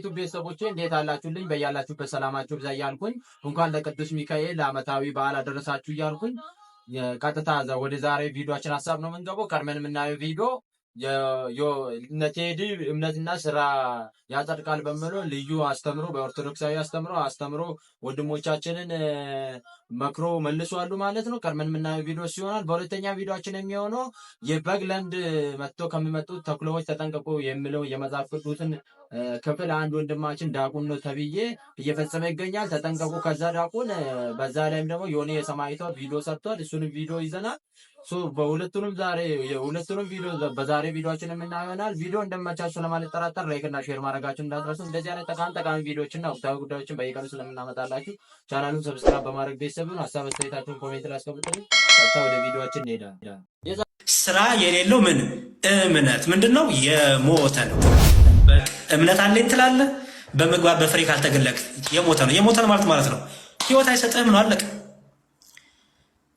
ዩቱብ ቤተሰቦች እንዴት አላችሁልኝ? በያላችሁበት ሰላማችሁ ብዛ እያልኩኝ እንኳን ለቅዱስ ሚካኤል ዓመታዊ በዓል አደረሳችሁ እያልኩኝ ቀጥታ ወደ ዛሬ ቪዲዮችን ሀሳብ ነው የምንገባው። ቀድመን የምናየው ቪዲዮ እነ እምነትና ስራ ያጸድቃል በምሎ ልዩ አስተምሮ በኦርቶዶክሳዊ አስተምሮ አስተምሮ ወንድሞቻችንን መክሮ መልሷሉ ማለት ነው። ቀድመን የምናየው ቪዲዮ ሲሆናል። በሁለተኛ ቪዲዮችን የሚሆነው የበግ ለምድ መጥቶ ከሚመጡት ተኩላዎች ተጠንቀቁ የሚለው የመጽሐፍ ቅዱስን ክፍል አንድ ወንድማችን ዳቁን ነው ተብዬ እየፈጸመ ይገኛል። ተጠንቀቁ ከዛ ዳቁን። በዛ ላይም ደግሞ የሆነ የሰማይቷ ቪዲዮ ሰጥቷል። እሱንም ቪዲዮ ይዘናል። በሁለቱንም ዛሬ የሁለቱንም ቪዲዮ በዛሬ ቪዲዮችን የምናየናል። ቪዲዮ እንደመቻችሁ ለማልጠራጠር ላይክ እና ሼር ማድረጋችሁን እንዳትረሱ። እንደዚህ አይነት ጠቃሚ ጠቃሚ ቪዲዮዎችና ወቅታዊ ጉዳዮችን በየቀኑ ስለምናመጣላችሁ ቻናሉን ሰብስክራይብ በማድረግ ነው። ሀሳብ አስተያየታችሁን ኮሜንት ላይ አስቀምጡልኝ። ወደ ቪዲዮችን እንሄዳለን። ስራ የሌለው ምን እምነት ምንድን ነው? የሞተ ነው። እምነት አለኝ ትላለህ፣ በምግባር በፍሬ ካልተገለቅ የሞተ ነው። የሞተ ነው ማለት ማለት ነው ህይወት አይሰጥህም ነው። አለቀ።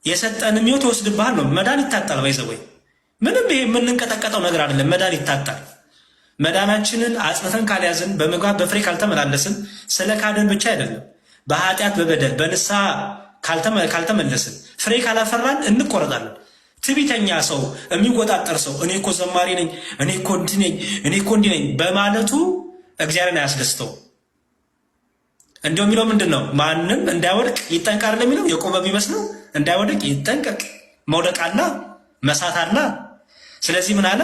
የሰጠንም ህይወት ይወስድብሃል ነው። መዳን ይታጣል። ባይዘወይ ምንም ይሄ የምንንቀጠቀጠው ነገር አይደለም። መዳን ይታጣል። መዳናችንን አጽንተን ካልያዝን፣ በምግባር በፍሬ ካልተመላለስን፣ ስለ ብቻ አይደለም። በኃጢአት በበደል በንስሐ ካልተመለስን፣ ፍሬ ካላፈራን እንቆረጣለን። ትቢተኛ ሰው የሚወጣጠር ሰው እኔ እኮ ዘማሪ ነኝ፣ እኔ እኮ እንዲህ ነኝ፣ እኔ እኮ እንዲህ ነኝ በማለቱ እግዚአብሔርን አያስደስተውም። እንደው የሚለው ምንድን ነው? ማንም እንዳይወድቅ ይጠንቃር ነው የሚለው። የቆመ ነው እንዳይወድቅ ይጠንቀቅ። መውደቅ አላ መሳት አላ ስለዚህ ምን አለ?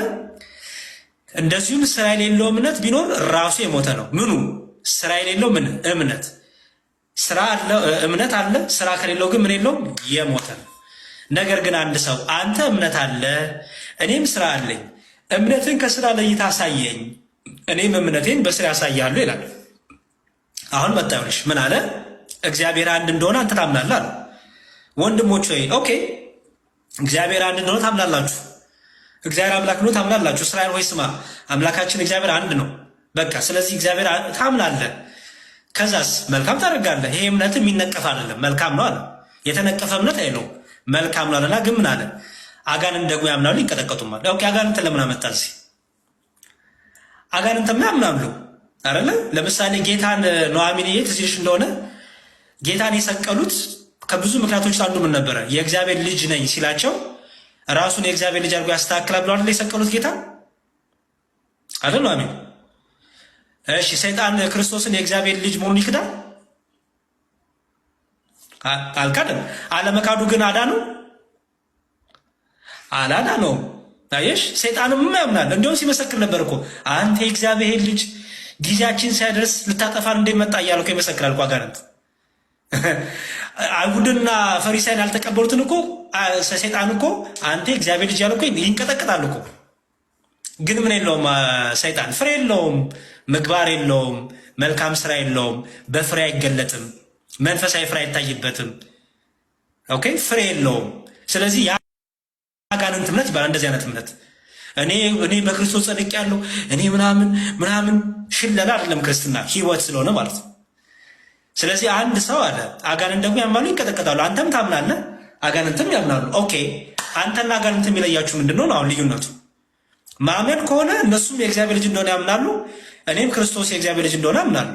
እንደዚሁም ስራ የሌለው እምነት ቢኖር ራሱ የሞተ ነው። ምኑ ስራ የሌለው ምን እምነት ስራ አለ፣ እምነት አለ። ስራ ከሌለው ግን ምን የለውም፣ የሞተ ነው። ነገር ግን አንድ ሰው አንተ እምነት አለ፣ እኔም ስራ አለኝ፣ እምነትን ከስራ ለይታ አሳየኝ፣ እኔም እምነቴን በስራ ያሳያሉ ይላል። አሁን መጣዩ ምን አለ? እግዚአብሔር አንድ እንደሆነ አንተ ታምናለህ አለ። ወንድሞች ወይ ኦኬ፣ እግዚአብሔር አንድ እንደሆነ ታምናላችሁ፣ እግዚአብሔር አምላክ ነው ታምናላችሁ። እስራኤል ሆይ ስማ፣ አምላካችን እግዚአብሔር አንድ ነው። በቃ ስለዚህ እግዚአብሔር ታምናለህ፣ ከዛስ መልካም ታደርጋለህ። ይሄ እምነት የሚነቀፍ አይደለም፣ መልካም ነው አለ። የተነቀፈ እምነት አይለው መልካም ነው አለና ግን ምን አለ? አጋንን ደግሞ ያምናሉ፣ ይንቀጠቀጡማል። ኦኬ፣ አጋንንትን ለምን አመጣል? አጋንንትማ ያምናሉ አይደለ? ለምሳሌ ጌታን ኑኃሚንዬ ትዚልሽ እንደሆነ ጌታን የሰቀሉት ከብዙ ምክንያቶች አንዱ ምን ነበረ? የእግዚአብሔር ልጅ ነኝ ሲላቸው ራሱን የእግዚአብሔር ልጅ አድርጎ ያስተካክላል ብለው አይደል የሰቀሉት ጌታ አይደል? ኑኃሚን እሺ፣ ሰይጣን ክርስቶስን የእግዚአብሔር ልጅ መሆኑን ይክዳል አልካደም። አለመካዱ ግን አዳኑ አላዳነውም። አየሽ፣ ሰይጣንም ያምናል። እንዲሁም ሲመሰክር ነበር እኮ አንተ የእግዚአብሔር ልጅ ጊዜያችን ሲያደርስ ልታጠፋን እንደመጣ እያለ እኮ ይመሰክራል እኮ አጋንንት። አይሁድና ፈሪሳይን ያልተቀበሉትን እኮ ሰይጣን እኮ አንተ እግዚአብሔር ልጅ ያለ ይንቀጠቅጣል እኮ። ግን ምን የለውም ሰይጣን ፍሬ የለውም፣ ምግባር የለውም፣ መልካም ስራ የለውም፣ በፍሬ አይገለጥም፣ መንፈሳዊ ፍሬ አይታይበትም። ኦኬ ፍሬ የለውም። ስለዚህ የአጋንንት እምነት ይባላል እንደዚህ አይነት እምነት እኔ እኔ በክርስቶስ ጸድቅ ያለው እኔ ምናምን ምናምን ሽለላ አይደለም ክርስትና ህይወት ስለሆነ ማለት ነው። ስለዚህ አንድ ሰው አለ አጋንንት ደግሞ ያምናሉ፣ ይቀጠቀጣሉ። አንተም ታምናለህ፣ አጋንንትም ያምናሉ። ኦኬ አንተና አጋንንት የሚለያችሁ ምንድን ነው? አሁን ልዩነቱ ማመን ከሆነ እነሱም የእግዚአብሔር ልጅ እንደሆነ ያምናሉ፣ እኔም ክርስቶስ የእግዚአብሔር ልጅ እንደሆነ ያምናሉ።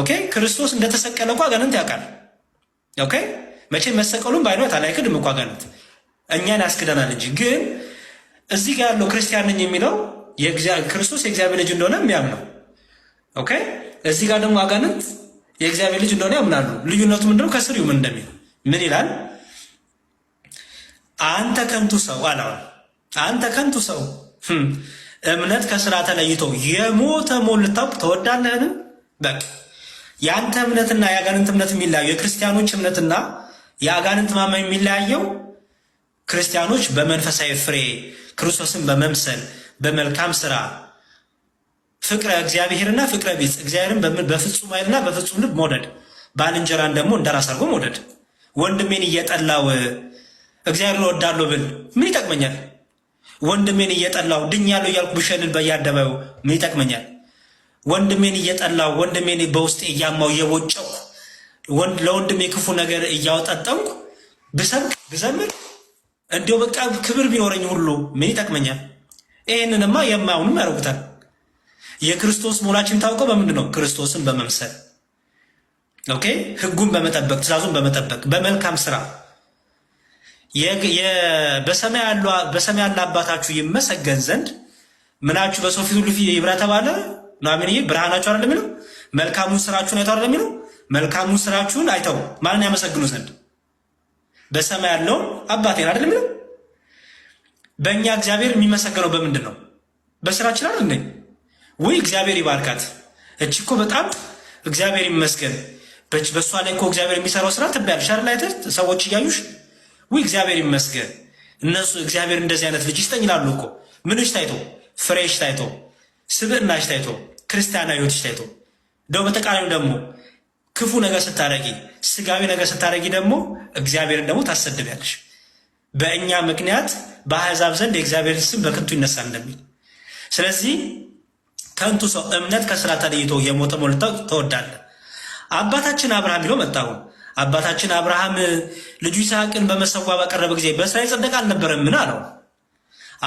ኦኬ ክርስቶስ እንደተሰቀለ እኮ አጋንንት ያውቃል። ኦኬ መቼ መሰቀሉን በአይነት አላይክድም እኮ አጋንንት እኛን ያስክደናል እንጂ ግን እዚህ ጋር ያለው ክርስቲያን ነኝ የሚለው ክርስቶስ የእግዚአብሔር ልጅ እንደሆነ የሚያምነው ኦኬ። እዚህ ጋር ደግሞ አጋንንት የእግዚአብሔር ልጅ እንደሆነ ያምናሉ። ልዩነቱ ምንድነው? ከስር ምን እንደሚል ምን ይላል? አንተ ከንቱ ሰው አላው አንተ ከንቱ ሰው hm። እምነት ከስራ ተለይቶ የሞተ ሞት ልታውቅ ትወዳለህን? በቃ የአንተ እምነትና የአጋንንት እምነት የሚለያየው የክርስቲያኖች እምነትና የአጋንንት ማመን የሚለያየው ክርስቲያኖች በመንፈሳዊ ፍሬ ክርስቶስን በመምሰል በመልካም ስራ ፍቅረ እግዚአብሔርና ፍቅረ ቢጽ እግዚአብሔርን በፍጹም ኃይልና በፍጹም ልብ መውደድ፣ ባልንጀራን ደግሞ እንደራስ አድርጎ መውደድ። ወንድሜን እየጠላው እግዚአብሔር እወዳለሁ ብል ምን ይጠቅመኛል? ወንድሜን እየጠላው ድኛለሁ እያልኩ ብሸልል በየአደባባዩ ምን ይጠቅመኛል? ወንድሜን እየጠላው ወንድሜን በውስጤ እያማው እየቦጨው ለወንድሜ ክፉ ነገር እያወጠጠንኩ ብሰብክ ብዘምር እንዲያው በቃ ክብር ቢኖረኝ ሁሉ ምን ይጠቅመኛል? ይህንንማ የማያውንም ያደርጉታል። የክርስቶስ መሆናችን ታውቀው በምንድን ነው? ክርስቶስን በመምሰል ኦኬ፣ ህጉን በመጠበቅ ትእዛዙን በመጠበቅ በመልካም ስራ በሰማይ ያለ አባታችሁ ይመሰገን ዘንድ ምናችሁ በሰው ፊት ሁሉ ይብራ ተባለ ነው። አሜን። ይህ ብርሃናችሁ አይደለም የሚለው መልካሙን ስራችሁን አይተው አይደለም የሚለው መልካሙን ስራችሁን አይተው ማንን ያመሰግኑ ዘንድ በሰማይ ያለውን አባቴን አይደለም ነው። በእኛ እግዚአብሔር የሚመሰገነው በምንድን ነው? በስራችን አይደል እንዴ? ወይ እግዚአብሔር ይባርካት። እቺ እኮ በጣም እግዚአብሔር ይመስገን። በእሷ ላይ እኮ እግዚአብሔር የሚሰራው ስራ ትባያለሽ አይደል? አይተሽ ሰዎች እያዩሽ ወይ እግዚአብሔር ይመስገን። እነሱ እግዚአብሔር እንደዚህ አይነት ልጅ ይስጠኝ ይላሉ እኮ። ምንሽ ታይቶ፣ ፍሬሽ ታይቶ፣ ስብዕናሽ ታይቶ፣ ክርስቲያናዊ ሕይወትሽ ታይቶ። ደው በተቃራኒ ደግሞ ክፉ ነገር ስታረጊ፣ ስጋዊ ነገር ስታረጊ ደግሞ እግዚአብሔርን ደግሞ ታሰድቢያለሽ። በእኛ ምክንያት በአሕዛብ ዘንድ የእግዚአብሔር ስም በከንቱ ይነሳል እንደሚል ስለዚህ ከንቱ ሰው እምነት ከስራ ተለይቶ የሞተ ሞልታ ተወዳለ። አባታችን አብርሃም ቢሎ መጣሁ። አባታችን አብርሃም ልጁ ይስሐቅን በመሰዋ በቀረበ ጊዜ በስራ ይጸደቅ አልነበረም? አለው?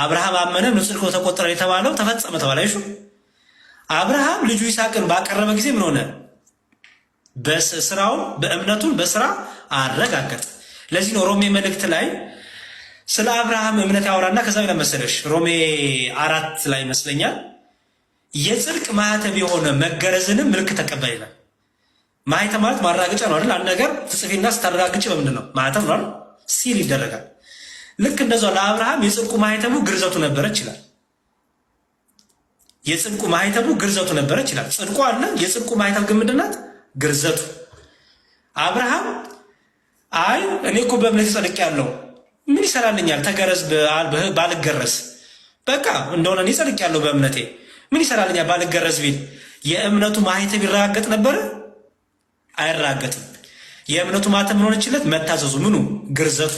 አብርሃም አመነ ንጹሕ ተቆጠረ የተባለው ተፈጸመ ተባለ። አብርሃም ልጁ ይስሐቅን ባቀረበ ጊዜ ምን ሆነ? በስራው በእምነቱን በስራ አረጋገጠ። ለዚህ ነው ሮሜ መልእክት ላይ ስለ አብርሃም እምነት ያወራና ከዛ ላይ መሰለሽ ሮሜ አራት ላይ ይመስለኛል የጽድቅ ማህተብ የሆነ መገረዝንም ምልክት ተቀባይ ይላል። ማህተም ማለት ማራገጫ ነው አይደል? አንድ ነገር ትጽፊና ስታረጋግጭ በምንድን ነው ማህተብ ነው ሲል ይደረጋል። ልክ እንደዛ ለአብርሃም የጽድቁ ማህተቡ ግርዘቱ ነበረ ይችላል። የጽድቁ ማህተቡ ግርዘቱ ነበረ ይችላል። ጽድቁ አለ። የጽድቁ ማህተብ ግን ምንድን ናት? ግርዘቱ አብርሃም አይ እኔ እኮ በእምነት ጸድቅ ያለው ምን ይሰራልኛል? ተገረዝ ባልገረዝ በቃ እንደሆነ እኔ ጸድቅ ያለው በእምነቴ ምን ይሰራልኛል ባልገረዝ ቢል የእምነቱ ማህተም ይረጋገጥ ነበረ? አይረጋገጥም። የእምነቱ ማህተም ምን ሆነችለት? መታዘዙ፣ ምኑ ግርዘቱ።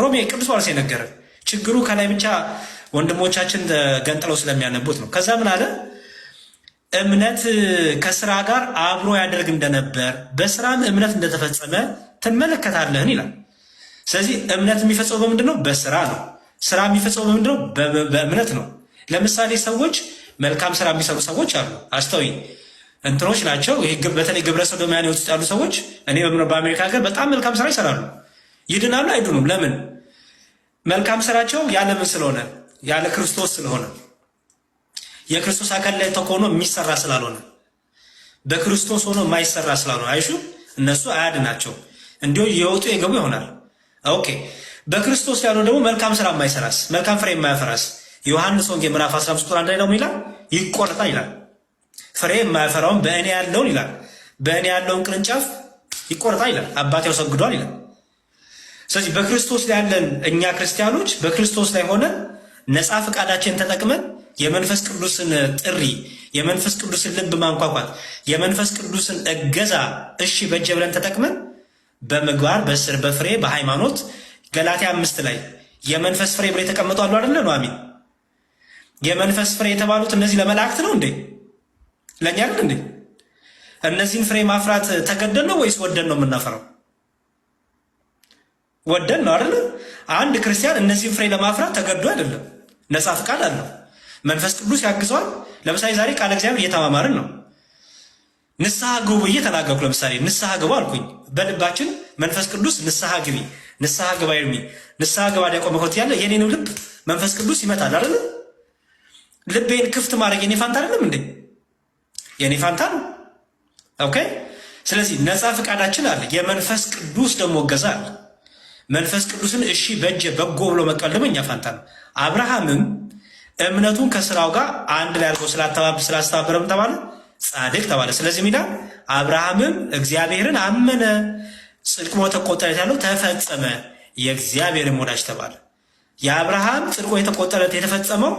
ሮሜ ቅዱስ ዋርስ የነገረ ችግሩ ከላይ ብቻ ወንድሞቻችን ገንጥለው ስለሚያነቡት ነው። ከዛ ምን አለ እምነት ከስራ ጋር አብሮ ያደርግ እንደነበር በስራም እምነት እንደተፈጸመ ትመለከታለህን ይላል። ስለዚህ እምነት የሚፈጸመው በምንድን ነው? በስራ ነው። ስራ የሚፈጸመው በምንድን ነው? በእምነት ነው። ለምሳሌ ሰዎች መልካም ስራ የሚሰሩ ሰዎች አሉ። አስተዊ እንትኖች ናቸው። በተለይ ግብረ ሰዶማውያን ውስጥ ያሉ ሰዎች እኔ በአሜሪካ ሀገር በጣም መልካም ስራ ይሰራሉ። ይድናሉ? አይድኑም? ለምን? መልካም ስራቸው ያለምን ስለሆነ ያለ ክርስቶስ ስለሆነ የክርስቶስ አካል ላይ ተኮኖ የሚሰራ ስላልሆነ በክርስቶስ ሆኖ የማይሰራ ስላልሆነ አይሹ እነሱ አያድ ናቸው። እንዲሁ የወጡ የገቡ ይሆናል። ኦኬ በክርስቶስ ያሉ ደግሞ መልካም ስራ የማይሰራስ መልካም ፍሬ የማያፈራስ ዮሐንስ ወንጌ ምዕራፍ 15 ቁጥር 1 ላይ ደግሞ ይላል ይቆርጣል ይላል ፍሬ የማያፈራውን በእኔ ያለውን ይላል በእኔ ያለውን ቅርንጫፍ ይቆርጣል ይላል አባቴ ያሰግዷል ይላል። ስለዚህ በክርስቶስ ላይ ያለን እኛ ክርስቲያኖች በክርስቶስ ላይ ሆነን ነፃ ፈቃዳችን ተጠቅመን የመንፈስ ቅዱስን ጥሪ፣ የመንፈስ ቅዱስን ልብ ማንኳኳት፣ የመንፈስ ቅዱስን እገዛ እሺ በጀ ብለን ተጠቅመን በምግባር በስር በፍሬ በሃይማኖት ገላትያ አምስት ላይ የመንፈስ ፍሬ ብሎ የተቀመጡ አሉ አደለ ነው? አሚን። የመንፈስ ፍሬ የተባሉት እነዚህ ለመላእክት ነው እንዴ? ለእኛ ግን እንዴ? እነዚህን ፍሬ ማፍራት ተገደን ነው ወይስ ወደን ነው የምናፈራው? ወደን ነው አደለ አንድ ክርስቲያን እነዚህን ፍሬ ለማፍራት ተገዶ አይደለም፣ ነጻ ፍቃድ አለው። መንፈስ ቅዱስ ያግዘዋል። ለምሳሌ ዛሬ ቃለ እግዚአብሔር እየተማማርን ነው። ንስሐ ግቡ ብዬ ተናገርኩ። ለምሳሌ ንስሐ ግቡ አልኩኝ። በልባችን መንፈስ ቅዱስ ንስሐ ግቢ፣ ንስሐ ግባ ይርሚ፣ ንስሐ ግባ ዲያቆን መኮት ያለ የኔንም ልብ መንፈስ ቅዱስ ይመታል አለ ልቤን ክፍት ማድረግ የኔ ፋንታ አይደለም እንዴ? የኔ ፋንታ ነው። ኦኬ። ስለዚህ ነፃ ፈቃዳችን አለ። የመንፈስ ቅዱስ ደግሞ እገዛ አለ። መንፈስ ቅዱስን እሺ በእጀ በጎ ብሎ መቀበል ደግሞ እኛ ፋንታ ነው። አብርሃምም እምነቱን ከስራው ጋር አንድ ላይ አድርጎ ስላስተባበረም ተባለ ጻድቅ ተባለ። ስለዚህ ሚላ አብርሃምም እግዚአብሔርን አመነ ጽድቅ ተቆጠረት ያለው ተፈጸመ የእግዚአብሔርም ወዳጅ ተባለ። የአብርሃም ጽድቆ የተቆጠረት የተፈጸመው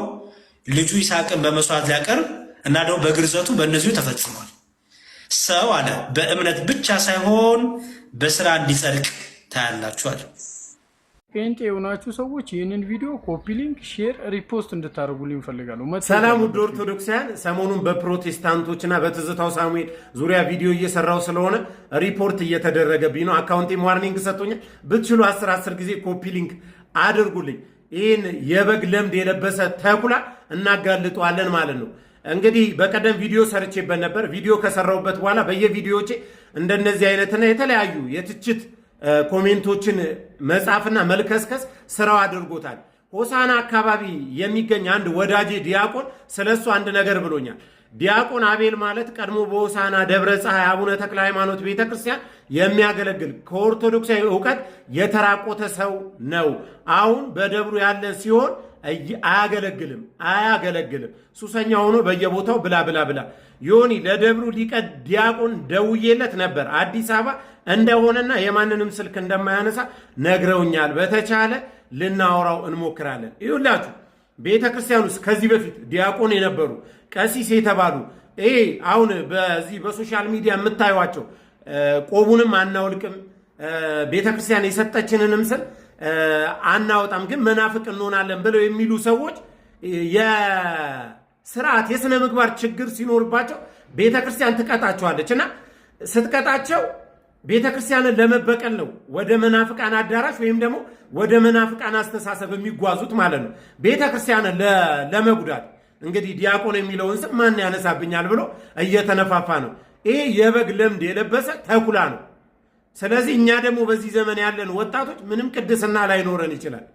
ልጁ ይስሐቅን በመስዋዕት ሊያቀርብ እና ደግሞ በግርዘቱ በእነዚሁ ተፈጽሟል። ሰው አለ በእምነት ብቻ ሳይሆን በስራ እንዲጸድቅ ታያላችኋል። ጴንጤ የሆናችሁ ሰዎች ይህንን ቪዲዮ ኮፒ ሊንክ፣ ሼር፣ ሪፖስት እንድታደርጉልኝ እፈልጋለሁ። ሰላም ውድ ኦርቶዶክሳውያን፣ ሰሞኑን በፕሮቴስታንቶችና በትዝታው ሳሙኤል ዙሪያ ቪዲዮ እየሰራው ስለሆነ ሪፖርት እየተደረገብኝ ነው። አካውንቴ ዋርኒንግ ሰጥቶኛል። ብትችሉ አስር አስር ጊዜ ኮፒ ሊንክ አድርጉልኝ። ይህን የበግ ለምድ የለበሰ ተኩላ እናጋልጠዋለን ማለት ነው። እንግዲህ በቀደም ቪዲዮ ሰርቼበት ነበር። ቪዲዮ ከሰራሁበት በኋላ በየቪዲዮቼ እንደነዚህ አይነትና የተለያዩ የትችት ኮሜንቶችን መጻፍና መልከስከስ ስራው አድርጎታል። ሆሳና አካባቢ የሚገኝ አንድ ወዳጄ ዲያቆን ስለሱ አንድ ነገር ብሎኛል። ዲያቆን አቤል ማለት ቀድሞ በሆሳና ደብረ ፀሐይ አቡነ ተክለ ሃይማኖት ቤተ ክርስቲያን የሚያገለግል ከኦርቶዶክሳዊ እውቀት የተራቆተ ሰው ነው። አሁን በደብሩ ያለ ሲሆን አያገለግልም አያገለግልም። ሱሰኛ ሆኖ በየቦታው ብላ ብላ ብላ። ዮኒ ለደብሩ ሊቀ ዲያቆን ደውዬለት ነበር አዲስ አበባ እንደሆነና የማንንም ስልክ እንደማያነሳ ነግረውኛል። በተቻለ ልናወራው እንሞክራለን። ይሁላችሁ ቤተ ክርስቲያን ውስጥ ከዚህ በፊት ዲያቆን የነበሩ ቀሲስ የተባሉ ይሄ አሁን በዚህ በሶሻል ሚዲያ የምታዩቸው ቆቡንም አናውልቅም ቤተ ክርስቲያን የሰጠችንንም ስል አናወጣም፣ ግን መናፍቅ እንሆናለን ብለው የሚሉ ሰዎች የስርዓት የስነ ምግባር ችግር ሲኖርባቸው ቤተ ክርስቲያን ትቀጣቸዋለች እና ስትቀጣቸው ቤተ ክርስቲያንን ለመበቀል ነው ወደ መናፍቃን አዳራሽ ወይም ደግሞ ወደ መናፍቃን አስተሳሰብ የሚጓዙት ማለት ነው። ቤተ ክርስቲያንን ለመጉዳት እንግዲህ ዲያቆን የሚለውን ስም ማን ያነሳብኛል ብሎ እየተነፋፋ ነው። ይሄ የበግ ለምድ የለበሰ ተኩላ ነው። ስለዚህ እኛ ደግሞ በዚህ ዘመን ያለን ወጣቶች ምንም ቅድስና ላይኖረን ይችላል።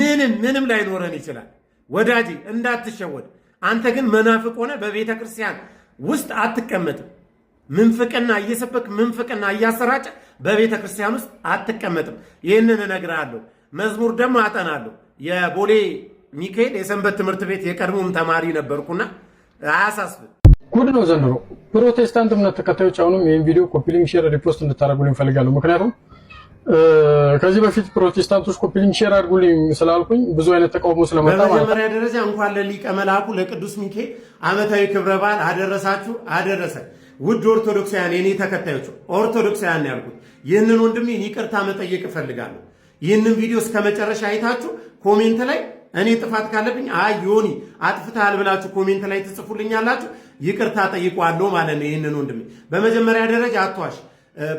ምንም ምንም ላይኖረን ይችላል። ወዳጅ እንዳትሸወድ። አንተ ግን መናፍቅ ሆነ በቤተ ክርስቲያን ውስጥ አትቀመጥም። ምንፍቅና እየሰበክ ምንፍቅና እያሰራጨ በቤተ ክርስቲያን ውስጥ አትቀመጥም። ይህንን እነግርሃለሁ። መዝሙር ደግሞ አጠናለሁ። የቦሌ ሚካኤል የሰንበት ትምህርት ቤት የቀድሞም ተማሪ ነበርኩና አያሳስብም። ጉድ ነው ዘንድሮ። ፕሮቴስታንት እምነት ተከታዮች አሁንም ይህን ቪዲዮ ኮፒሊንግ፣ ሼር፣ ሪፖስት እንድታደርጉልኝ እፈልጋለሁ። ምክንያቱም ከዚህ በፊት ፕሮቴስታንቶች ኮፒሊንግ፣ ሼር አድርጉልኝ ስላልኩኝ ብዙ አይነት ተቃውሞ ስለመጣ በመጀመሪያ ደረጃ እንኳን ለሊቀ መልአኩ ለቅዱስ ሚካኤል ዓመታዊ ክብረ በዓል አደረሳችሁ አደረሰን። ውድ ኦርቶዶክሳውያን የኔ ተከታዮች ኦርቶዶክሳውያን ያልኩት ይህንን ወንድሜን ይቅርታ መጠየቅ እፈልጋለሁ። ይህንን ቪዲዮ እስከ መጨረሻ አይታችሁ ኮሜንት ላይ እኔ ጥፋት ካለብኝ አይ ዮኒ አጥፍተሃል ብላችሁ ኮሜንት ላይ ትጽፉልኛላችሁ። ይቅርታ ጠይቋለሁ ማለት ነው። ይህንን ወንድሜ በመጀመሪያ ደረጃ አቷሽ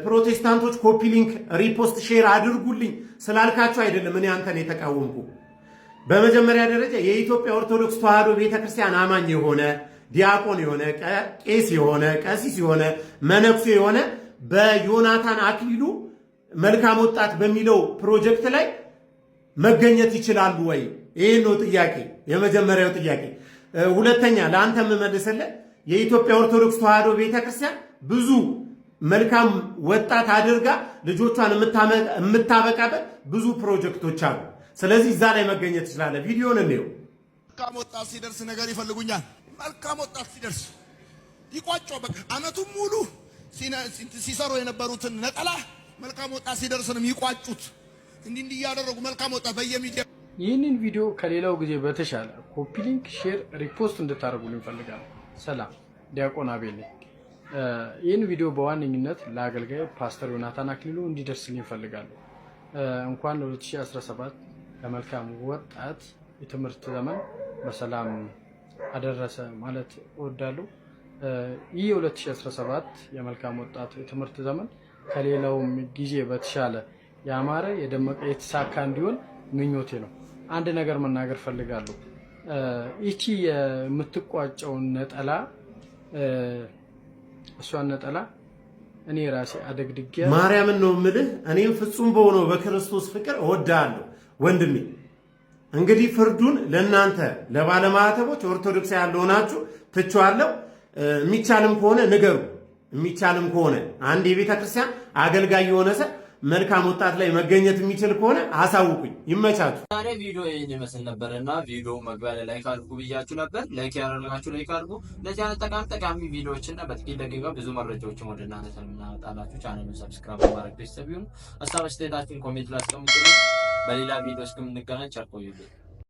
ፕሮቴስታንቶች ኮፒ ሊንክ፣ ሪፖስት፣ ሼር አድርጉልኝ ስላልካችሁ አይደለም እኔ አንተን የተቃወምኩ። በመጀመሪያ ደረጃ የኢትዮጵያ ኦርቶዶክስ ተዋህዶ ቤተክርስቲያን አማኝ የሆነ ዲያቆን የሆነ ቄስ የሆነ ቀሲስ የሆነ መነኩሴ የሆነ በዮናታን አክሊሉ መልካም ወጣት በሚለው ፕሮጀክት ላይ መገኘት ይችላሉ ወይ? ይህ ነው ጥያቄ፣ የመጀመሪያው ጥያቄ። ሁለተኛ ለአንተ የምመልስልህ የኢትዮጵያ ኦርቶዶክስ ተዋሕዶ ቤተክርስቲያን ብዙ መልካም ወጣት አድርጋ ልጆቿን የምታበቃበት ብዙ ፕሮጀክቶች አሉ። ስለዚህ እዛ ላይ መገኘት ይችላለ። ቪዲዮን እንየው። መልካም ወጣት ሲደርስ ነገር ይፈልጉኛል መልካም ወጣት ሲደርስ ይቋጫው። በቃ አመቱን ሙሉ ሲሰሩ የነበሩትን ነጠላ መልካም ወጣት ሲደርስ ነው የሚቋጩት። እንዲህ እንዲህ እያደረጉ መልካም ወጣት በየሚዲያ ይህንን ቪዲዮ ከሌላው ጊዜ በተሻለ ኮፒ ሊንክ፣ ሼር፣ ሪፖስት እንድታደርጉልኝ እፈልጋለሁ። ሰላም ዲያቆን አቤል ነኝ። ይህን ቪዲዮ በዋነኝነት ለአገልጋይ ፓስተር ዮናታን አክሊሉ እንዲደርስልኝ እፈልጋለሁ። እንኳን ለ2017 ለመልካም ወጣት የትምህርት ዘመን በሰላም አደረሰ ማለት እወዳለሁ። ይህ የ2017 የመልካም ወጣት የትምህርት ዘመን ከሌላውም ጊዜ በተሻለ ያማረ፣ የደመቀ፣ የተሳካ እንዲሆን ምኞቴ ነው። አንድ ነገር መናገር ፈልጋለሁ። ይቺ የምትቋጨውን ነጠላ እሷን ነጠላ እኔ ራሴ አደግድጌ ማርያምን ነው የምልህ። እኔም ፍጹም በሆነው በክርስቶስ ፍቅር እወዳለሁ ወንድሜ። እንግዲህ ፍርዱን ለእናንተ ለባለማዕተቦች ኦርቶዶክስ ያለሆናችሁ ትቼዋለሁ። የሚቻልም ከሆነ ንገሩ። የሚቻልም ከሆነ አንድ የቤተ ክርስቲያን አገልጋይ የሆነ ሰ መልካም ወጣት ላይ መገኘት የሚችል ከሆነ አሳውቁኝ። ይመቻችሁ። ዛሬ ቪዲዮ ይህን ይመስል ነበር እና ቪዲዮ መግቢያ ላይ ላይክ አድርጉ ብያችሁ ነበር። ላይክ ያደረጋችሁ ላይክ አድርጉ። እንደዚህ አይነት ጠቃሚ ጠቃሚ ቪዲዮዎችና በጥቂት ደቂቃ ብዙ መረጃዎችን ወደ እናንተ ስለምናመጣላችሁ ቻናሉን ሰብስክራይብ ማድረግ ቤተሰብ ይሁኑ። ሀሳብ አስተያየታችሁን ኮሜንት ላስቀምጡ አስቀምጡ። Bali lagi, tapos kung nagkakachat ko yun.